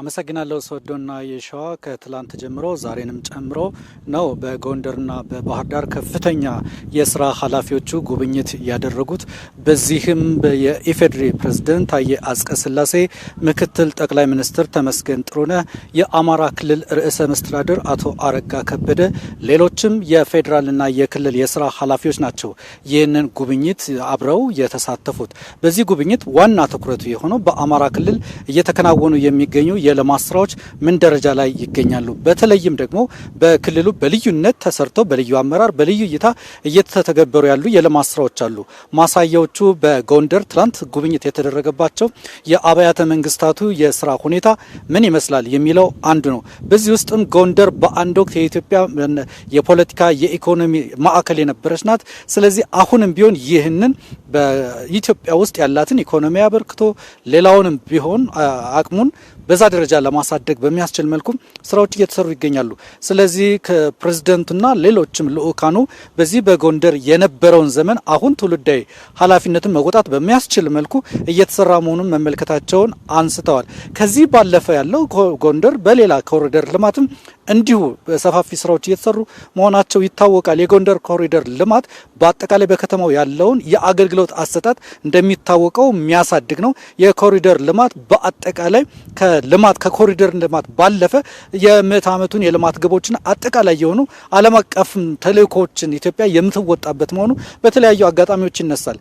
አመሰግናለሁ ሰወዶና የሸዋ ከትላንት ጀምሮ ዛሬንም ጨምሮ ነው በጎንደርና በባህር ዳር ከፍተኛ የስራ ኃላፊዎቹ ጉብኝት ያደረጉት። በዚህም የኢፌዴሪ ፕሬዝደንት ታዬ አጽቀ ስላሴ፣ ምክትል ጠቅላይ ሚኒስትር ተመስገን ጥሩነህ፣ የአማራ ክልል ርዕሰ መስተዳድር አቶ አረጋ ከበደ፣ ሌሎችም የፌዴራልና የክልል የስራ ኃላፊዎች ናቸው ይህንን ጉብኝት አብረው የተሳተፉት። በዚህ ጉብኝት ዋና ትኩረቱ የሆነው በአማራ ክልል እየተከናወኑ የሚገኙ የልማት ስራዎች ምን ደረጃ ላይ ይገኛሉ? በተለይም ደግሞ በክልሉ በልዩነት ተሰርተው በልዩ አመራር በልዩ እይታ እየተተገበሩ ያሉ የልማት ስራዎች አሉ። ማሳያዎቹ በጎንደር ትላንት ጉብኝት የተደረገባቸው የአብያተ መንግስታቱ የስራ ሁኔታ ምን ይመስላል የሚለው አንዱ ነው። በዚህ ውስጥም ጎንደር በአንድ ወቅት የኢትዮጵያ የፖለቲካ የኢኮኖሚ ማዕከል የነበረች ናት። ስለዚህ አሁንም ቢሆን ይህንን በኢትዮጵያ ውስጥ ያላትን ኢኮኖሚ አበርክቶ ሌላውንም ቢሆን አቅሙን በዛ ደረጃ ለማሳደግ በሚያስችል መልኩ ስራዎች እየተሰሩ ይገኛሉ። ስለዚህ ከፕሬዝደንቱና ሌሎችም ልኡካኑ በዚህ በጎንደር የነበረውን ዘመን አሁን ትውልዳዊ ኃላፊነትን መወጣት በሚያስችል መልኩ እየተሰራ መሆኑን መመልከታቸውን አንስተዋል። ከዚህ ባለፈ ያለው ጎንደር በሌላ ኮሪደር ልማትም እንዲሁ በሰፋፊ ስራዎች እየተሰሩ መሆናቸው ይታወቃል። የጎንደር ኮሪደር ልማት በአጠቃላይ በከተማው ያለውን የአገልግሎት አሰጣጥ እንደሚታወቀው የሚያሳድግ ነው። የኮሪደር ልማት በአጠቃላይ ከልማት ከኮሪደር ልማት ባለፈ የምዕተ ዓመቱን የልማት ግቦችን አጠቃላይ የሆኑ ዓለም አቀፍ ተልእኮዎችን ኢትዮጵያ የምትወጣበት መሆኑ በተለያዩ አጋጣሚዎች ይነሳል።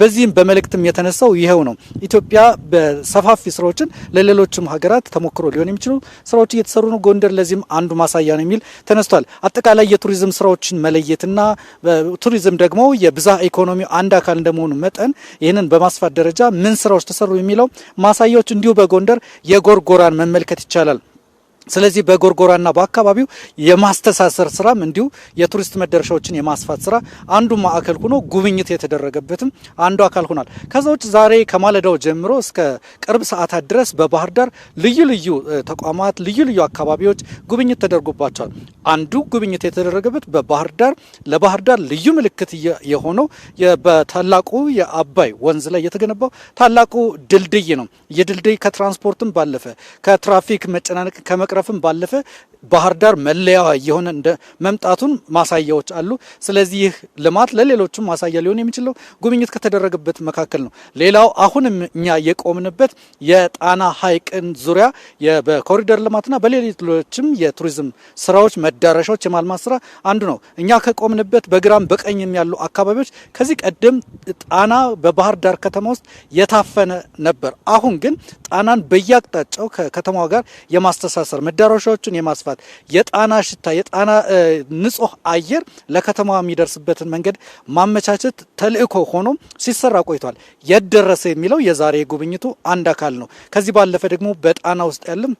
በዚህም በመልእክትም የተነሳው ይኸው ነው። ኢትዮጵያ በሰፋፊ ስራዎችን ለሌሎችም ሀገራት ተሞክሮ ሊሆን የሚችሉ ስራዎች እየተሰሩ ነው። ጎንደር ለዚህም አንዱ ማሳያ ነው የሚል ተነስቷል። አጠቃላይ የቱሪዝም ስራዎችን መለየትና ቱሪዝም ደግሞ የብዛ ኢኮኖሚ አንድ አካል እንደመሆኑ መጠን ይህንን በማስፋት ደረጃ ምን ስራዎች ተሰሩ የሚለው ማሳያዎች እንዲሁ በጎንደር ጎርጎራን መመልከት ይቻላል። ስለዚህ በጎርጎራና በአካባቢው የማስተሳሰር ስራም እንዲሁ የቱሪስት መደረሻዎችን የማስፋት ስራ አንዱ ማዕከል ሆኖ ጉብኝት የተደረገበትም አንዱ አካል ሆኗል። ከዛ ውጭ ዛሬ ከማለዳው ጀምሮ እስከ ቅርብ ሰዓታት ድረስ በባህር ዳር ልዩ ልዩ ተቋማት፣ ልዩ ልዩ አካባቢዎች ጉብኝት ተደርጎባቸዋል። አንዱ ጉብኝት የተደረገበት በባህር ዳር ለባህር ዳር ልዩ ምልክት የሆነው በታላቁ የአባይ ወንዝ ላይ የተገነባው ታላቁ ድልድይ ነው። የድልድይ ከትራንስፖርትም ባለፈ ከትራፊክ መጨናነቅ ከመቅረፍም ባለፈ ባህር ዳር መለያዋ እየሆነ እንደ መምጣቱን ማሳያዎች አሉ። ስለዚህ ይህ ልማት ለሌሎችም ማሳያ ሊሆን የሚችለው ጉብኝት ከተደረገበት መካከል ነው። ሌላው አሁንም እኛ የቆምንበት የጣና ሐይቅን ዙሪያ በኮሪደር ልማትና በሌሎችም የቱሪዝም ስራዎች መዳረሻዎች የማልማት ስራ አንዱ ነው። እኛ ከቆምንበት በግራም በቀኝም ያሉ አካባቢዎች ከዚህ ቀደም ጣና በባህር ዳር ከተማ ውስጥ የታፈነ ነበር። አሁን ግን ጣናን በየአቅጣጫው ከከተማዋ ጋር የማስተሳሰር መዳረሻዎችን የማስፋት የጣና ሽታ የጣና ንጹህ አየር ለከተማዋ የሚደርስበትን መንገድ ማመቻቸት ተልእኮ ሆኖ ሲሰራ ቆይቷል። የት ደረሰ የሚለው የዛሬ ጉብኝቱ አንድ አካል ነው። ከዚህ ባለፈ ደግሞ በጣና ውስጥ ያለም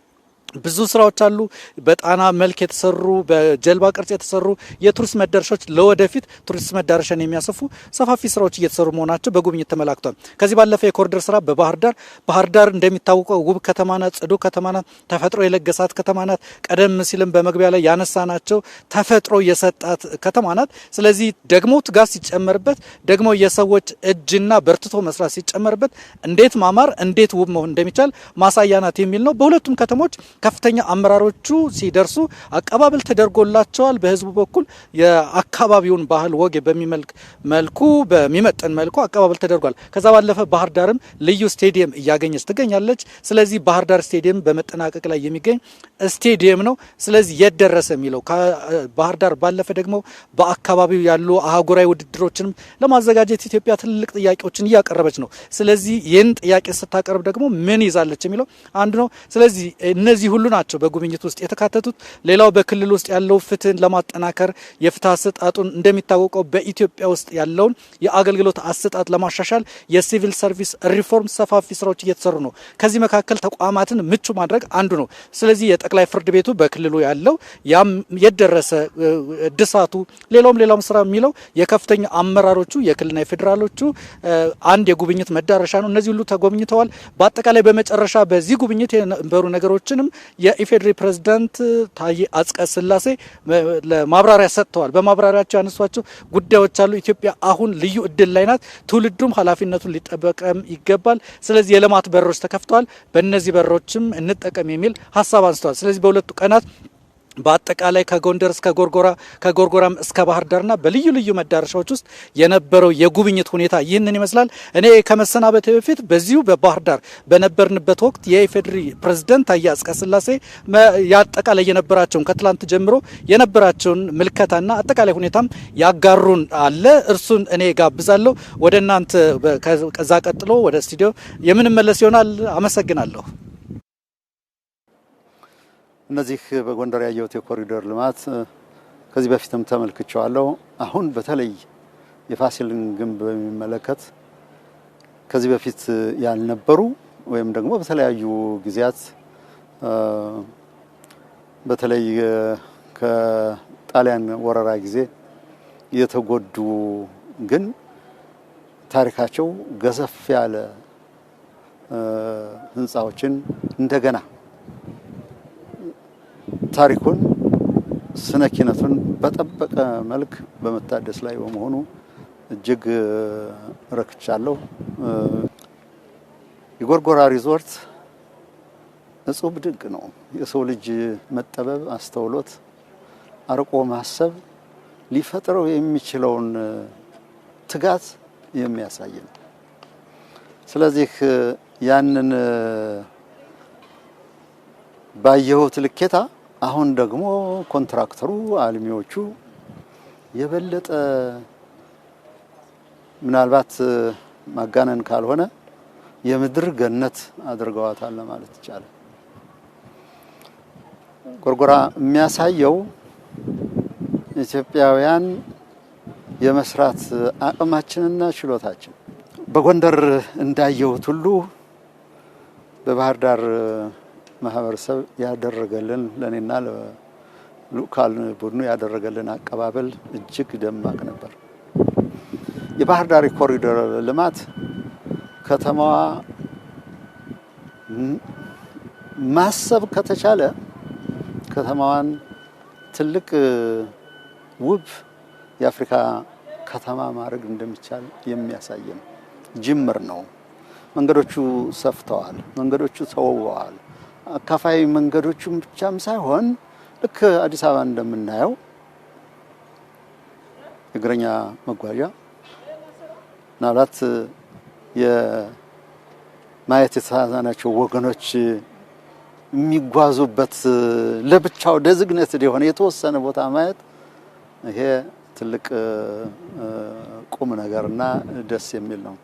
ብዙ ስራዎች አሉ። በጣና መልክ የተሰሩ በጀልባ ቅርጽ የተሰሩ የቱሪስት መዳረሻዎች ለወደፊት ቱሪስት መዳረሻን የሚያሰፉ ሰፋፊ ስራዎች እየተሰሩ መሆናቸው በጉብኝት ተመላክቷል። ከዚህ ባለፈ የኮሪደር ስራ በባህር ዳር ባህር ዳር እንደሚታወቀው ውብ ከተማናት፣ ጽዱ ከተማናት፣ ተፈጥሮ የለገሳት ከተማናት። ቀደም ሲልም በመግቢያ ላይ ያነሳናቸው ተፈጥሮ የሰጣት ከተማናት። ስለዚህ ደግሞ ትጋት ሲጨመርበት ደግሞ የሰዎች እጅና በርትቶ መስራት ሲጨመርበት እንዴት ማማር እንዴት ውብ መሆን እንደሚቻል ማሳያ ናት የሚል ነው። በሁለቱም ከተሞች ከፍተኛ አመራሮቹ ሲደርሱ አቀባበል ተደርጎላቸዋል። በህዝቡ በኩል የአካባቢውን ባህል ወግ በሚመልክ መልኩ በሚመጠን መልኩ አቀባበል ተደርጓል። ከዛ ባለፈ ባህር ዳርም ልዩ ስቴዲየም እያገኘች ትገኛለች። ስለዚህ ባህር ዳር ስቴዲየም በመጠናቀቅ ላይ የሚገኝ ስቴዲየም ነው። ስለዚህ የት ደረሰ የሚለው ከባህር ዳር ባለፈ ደግሞ በአካባቢው ያሉ አህጉራዊ ውድድሮችንም ለማዘጋጀት ኢትዮጵያ ትልቅ ጥያቄዎችን እያቀረበች ነው። ስለዚህ ይህን ጥያቄ ስታቀርብ ደግሞ ምን ይዛለች የሚለው አንዱ ነው። ስለዚህ እነዚህ ሁሉ ናቸው በጉብኝት ውስጥ የተካተቱት። ሌላው በክልል ውስጥ ያለው ፍትህን ለማጠናከር የፍትህ አሰጣጡን እንደሚታወቀው በኢትዮጵያ ውስጥ ያለውን የአገልግሎት አሰጣጥ ለማሻሻል የሲቪል ሰርቪስ ሪፎርም ሰፋፊ ስራዎች እየተሰሩ ነው። ከዚህ መካከል ተቋማትን ምቹ ማድረግ አንዱ ነው። ስለዚህ የጠቅላይ ፍርድ ቤቱ በክልሉ ያለው ያም የደረሰ ድሳቱ ሌላውም ሌላውም ስራ የሚለው የከፍተኛ አመራሮቹ የክልልና የፌዴራሎቹ አንድ የጉብኝት መዳረሻ ነው። እነዚህ ሁሉ ተጎብኝተዋል። በአጠቃላይ በመጨረሻ በዚህ ጉብኝት የነበሩ ነገሮችንም የኢፌዴሪ ፕሬዝዳንት ታዬ አጽቀ ስላሴ ማብራሪያ ሰጥተዋል። በማብራሪያቸው ያነሷቸው ጉዳዮች አሉ። ኢትዮጵያ አሁን ልዩ እድል ላይ ናት። ትውልዱም ኃላፊነቱን ሊጠበቀም ይገባል። ስለዚህ የልማት በሮች ተከፍተዋል። በእነዚህ በሮችም እንጠቀም የሚል ሀሳብ አንስተዋል። ስለዚህ በሁለቱ ቀናት በአጠቃላይ ከጎንደር እስከ ጎርጎራ ከጎርጎራም እስከ ባህር ዳርና በልዩ ልዩ መዳረሻዎች ውስጥ የነበረው የጉብኝት ሁኔታ ይህንን ይመስላል። እኔ ከመሰናበቴ በፊት በዚሁ በባህር ዳር በነበርንበት ወቅት የኢፌዴሪ ፕሬዝደንት ታዬ አጽቀሥላሴ የአጠቃላይ የነበራቸውን ከትላንት ጀምሮ የነበራቸውን ምልከታና አጠቃላይ ሁኔታም ያጋሩን አለ። እርሱን እኔ ጋብዛለሁ። ወደ እናንተ ከዛ ቀጥሎ ወደ ስቱዲዮ የምንመለስ ይሆናል። አመሰግናለሁ። እነዚህ በጎንደር ያየሁት የኮሪደር ልማት ከዚህ በፊትም ተመልክቸዋለሁ። አሁን በተለይ የፋሲልን ግንብ በሚመለከት ከዚህ በፊት ያልነበሩ ወይም ደግሞ በተለያዩ ጊዜያት በተለይ ከጣሊያን ወረራ ጊዜ የተጎዱ ግን ታሪካቸው ገዘፍ ያለ ህንፃዎችን እንደገና ታሪኩን ስነ ኪነቱን በጠበቀ መልክ በመታደስ ላይ በመሆኑ እጅግ ረክቻለሁ። የጎርጎራ ሪዞርት እጹብ ድንቅ ነው። የሰው ልጅ መጠበብ፣ አስተውሎት፣ አርቆ ማሰብ ሊፈጥረው የሚችለውን ትጋት የሚያሳይ ነው። ስለዚህ ያንን ባየሁት ልኬታ አሁን ደግሞ ኮንትራክተሩ አልሚዎቹ የበለጠ ምናልባት ማጋነን ካልሆነ የምድር ገነት አድርገዋታል ለማለት ይቻላል። ጎርጎራ የሚያሳየው ኢትዮጵያውያን የመስራት አቅማችንና ችሎታችን በጎንደር እንዳየሁት ሁሉ በባህር ዳር ማህበረሰብ ያደረገልን ለእኔና ልኡካን ቡድኑ ያደረገልን አቀባበል እጅግ ደማቅ ነበር። የባህር ዳር ኮሪደር ልማት ከተማዋ ማሰብ ከተቻለ ከተማዋን ትልቅ ውብ የአፍሪካ ከተማ ማድረግ እንደሚቻል የሚያሳይ ነው። ጅምር ነው። መንገዶቹ ሰፍተዋል። መንገዶቹ ተውበዋል። አካፋይ መንገዶቹም ብቻም ሳይሆን ልክ አዲስ አበባ እንደምናየው እግረኛ መጓዣ ምናልባት የማየት የተሳናቸው ወገኖች የሚጓዙበት ለብቻው ደዝግነት የሆነ የተወሰነ ቦታ ማየት ይሄ ትልቅ ቁም ነገርና ደስ የሚል ነው።